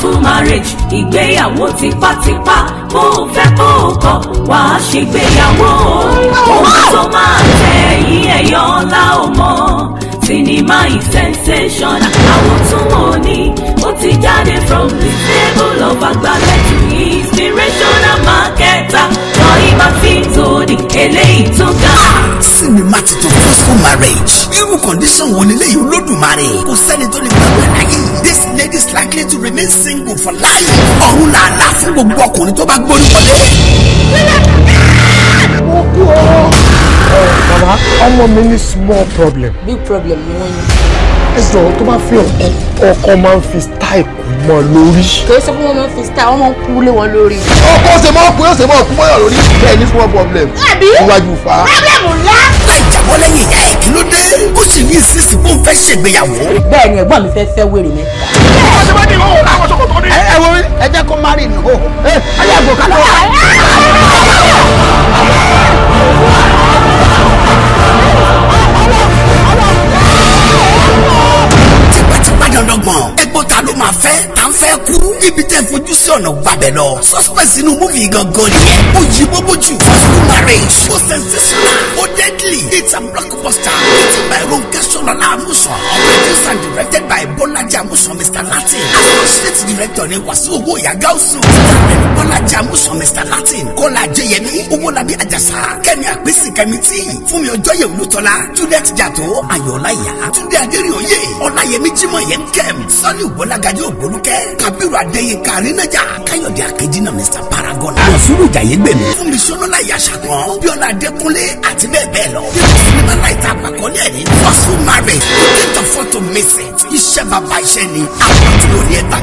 powerful marriage ìgbéyàwó tipátipá bó o fẹ́ bó o kọ̀ wàá ṣègbéyàwó ohun tó máa tẹ ẹ̀yìn ẹ̀yọ́ ńlá ò mọ̀ sinimá sensation àwọn tún wò ní ó ti jáde from the table of Agbale to inspirational marketer lọ́yìnbá fi ń tòdì eléyìí tó ga. sinimá ti tó fún marriage irú kọ́ndíṣàn wo ni lẹ́yìn olódùmarè kò sẹ́ni tó lè remain single for life. ọ̀run làálà fún gbogbo ọkùnrin tó bá gbórí wọlé. ó kú ọ. bàbá ọmọ mi ní small problem. big problem ni wọ́n ní. ẹ jọ̀ọ́ tó bá fi ọkàn ọkàn máa ń fi style kù mọ́ lórí. kò sọ pé wọ́n máa ń fi style wọ́n máa ń kú lé wọn lórí. ọkọ ṣe máa kú yóò ṣe máa kú mọ́yàn lórí. bẹ́ẹ̀ ni small problem. àbí iwájú fa. problem ńlá. láì jábọ́ lẹ́yìn ẹ̀ kí insist kó n fẹ́ ṣègbéyàwó. bẹ́ẹ̀ ni mi fẹ́ fẹ́ wèrè mi. ẹ wo ẹ jẹ́ kó má rí ìnáwó ẹ ayé àgbò kan ẹgbọ́n ta ló máa fẹ́ ta ń fẹ́ kú ibi tẹ́ fojú sí ọ̀nà gbàbẹ̀ lọ suspense inú múfì gangan nìyẹn ó yí bóbójú first marriage ó sensational It's a blockbuster written by Ronke Solana Amusan. Produced and directed by Bolaji Amusan, Mr. Latin. Associate director ni Wasiu Owoya Gausu. Starring Bolaji Amusan, Mr. Latin. Kọ́lá Ajayemi, Owolabi Ajasa, Kẹ́mi Àgbésìn Kẹ́mítì, Fúnmi Ọjọ́yẹ Olútọ́lá, Juliet Jàdó, Ayọ̀láyà, Túndé Adéríoyè, Ọláyẹmí Jímọ̀ Yẹn Kẹ́m, Sọ́ni Ìwọ́lágadé Ògbólúkẹ́, Kabiru Adéyínká Arínájà, Káyọ̀dé na Mr. Paragon, Wàsíù Ìjàyẹ́gbẹ̀mí, Fúnmi Sọ́nọ́lá yashakon. Biola Adékúnlé àti bẹ́ẹ̀ bẹ́ẹ̀ lọ dẹ̀ ní forceful marriage ó kí n tọ́ fọ́tò mẹ́sẹ̀ iṣẹ́ bàbá iṣẹ́ ni àwọn tí wọ́n ní ẹ̀ gbà